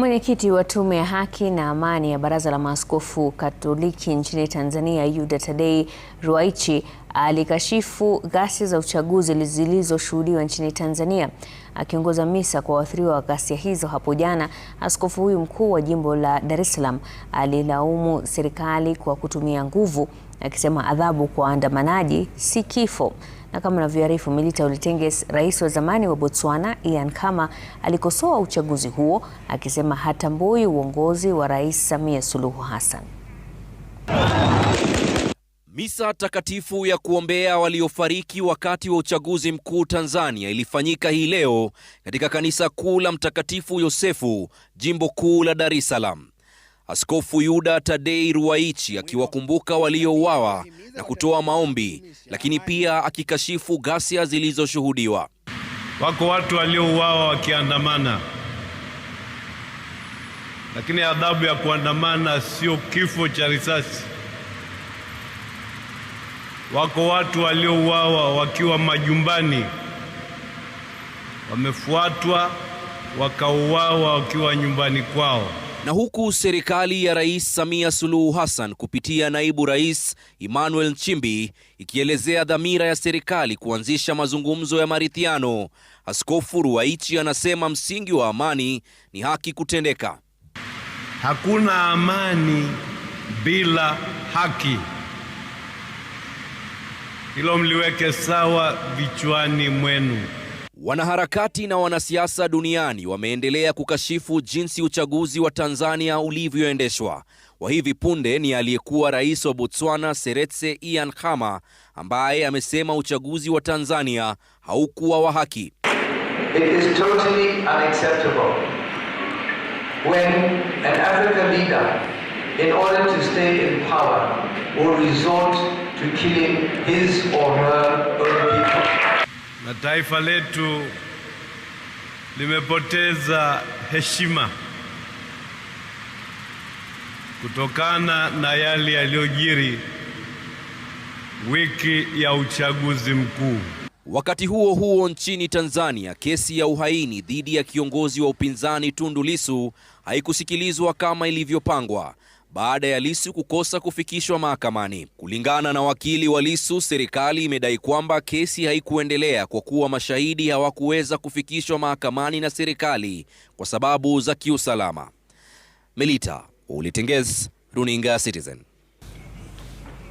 Mwenyekiti wa Tume ya Haki na Amani ya Baraza la Maaskofu Katoliki nchini Tanzania, Yuda Tadei Ruwaichi alikashifu ghasia za uchaguzi zilizoshuhudiwa nchini Tanzania. Akiongoza misa kwa waathiriwa wa ghasia hizo hapo jana, askofu huyu mkuu wa jimbo la Dar es Salaam alilaumu serikali kwa kutumia nguvu, akisema adhabu kwa waandamanaji si kifo. Na kama anavyoarifu Milita Ulitenges, rais wa zamani wa Botswana Ian Khama alikosoa uchaguzi huo akisema hatambui uongozi wa Rais Samia Suluhu Hassan. Misa takatifu ya kuombea waliofariki wakati wa uchaguzi mkuu Tanzania ilifanyika hii leo katika kanisa kuu la Mtakatifu Yosefu, jimbo kuu la Dar es Salaam. Askofu Yuda Tadei Ruwaichi akiwakumbuka waliouawa na kutoa maombi, lakini pia akikashifu ghasia zilizoshuhudiwa. Wako watu waliouawa wakiandamana, lakini adhabu ya kuandamana sio kifo cha risasi Wako watu waliouawa wakiwa majumbani, wamefuatwa wakauawa wakiwa nyumbani kwao. Na huku serikali ya Rais Samia Suluhu Hassan kupitia naibu rais Emmanuel Nchimbi ikielezea dhamira ya serikali kuanzisha mazungumzo ya maridhiano, Askofu Ruwaichi anasema msingi wa amani ni haki kutendeka. Hakuna amani bila haki. Hilo mliweke sawa vichwani mwenu. Wanaharakati na wanasiasa duniani wameendelea kukashifu jinsi uchaguzi wa Tanzania ulivyoendeshwa. Wa hivi punde ni aliyekuwa rais wa Botswana Seretse Ian Khama ambaye amesema uchaguzi wa Tanzania haukuwa wa haki. It is to killing his or her own people. Na taifa letu limepoteza heshima kutokana na yale yaliyojiri wiki ya uchaguzi mkuu. Wakati huo huo, nchini Tanzania, kesi ya uhaini dhidi ya kiongozi wa upinzani Tundu Lissu haikusikilizwa kama ilivyopangwa, baada ya Lissu kukosa kufikishwa mahakamani. Kulingana na wakili wa Lissu, serikali imedai kwamba kesi haikuendelea kwa kuwa mashahidi hawakuweza kufikishwa mahakamani na serikali kwa sababu za kiusalama. Melita Ulitenges, Runinga Citizen.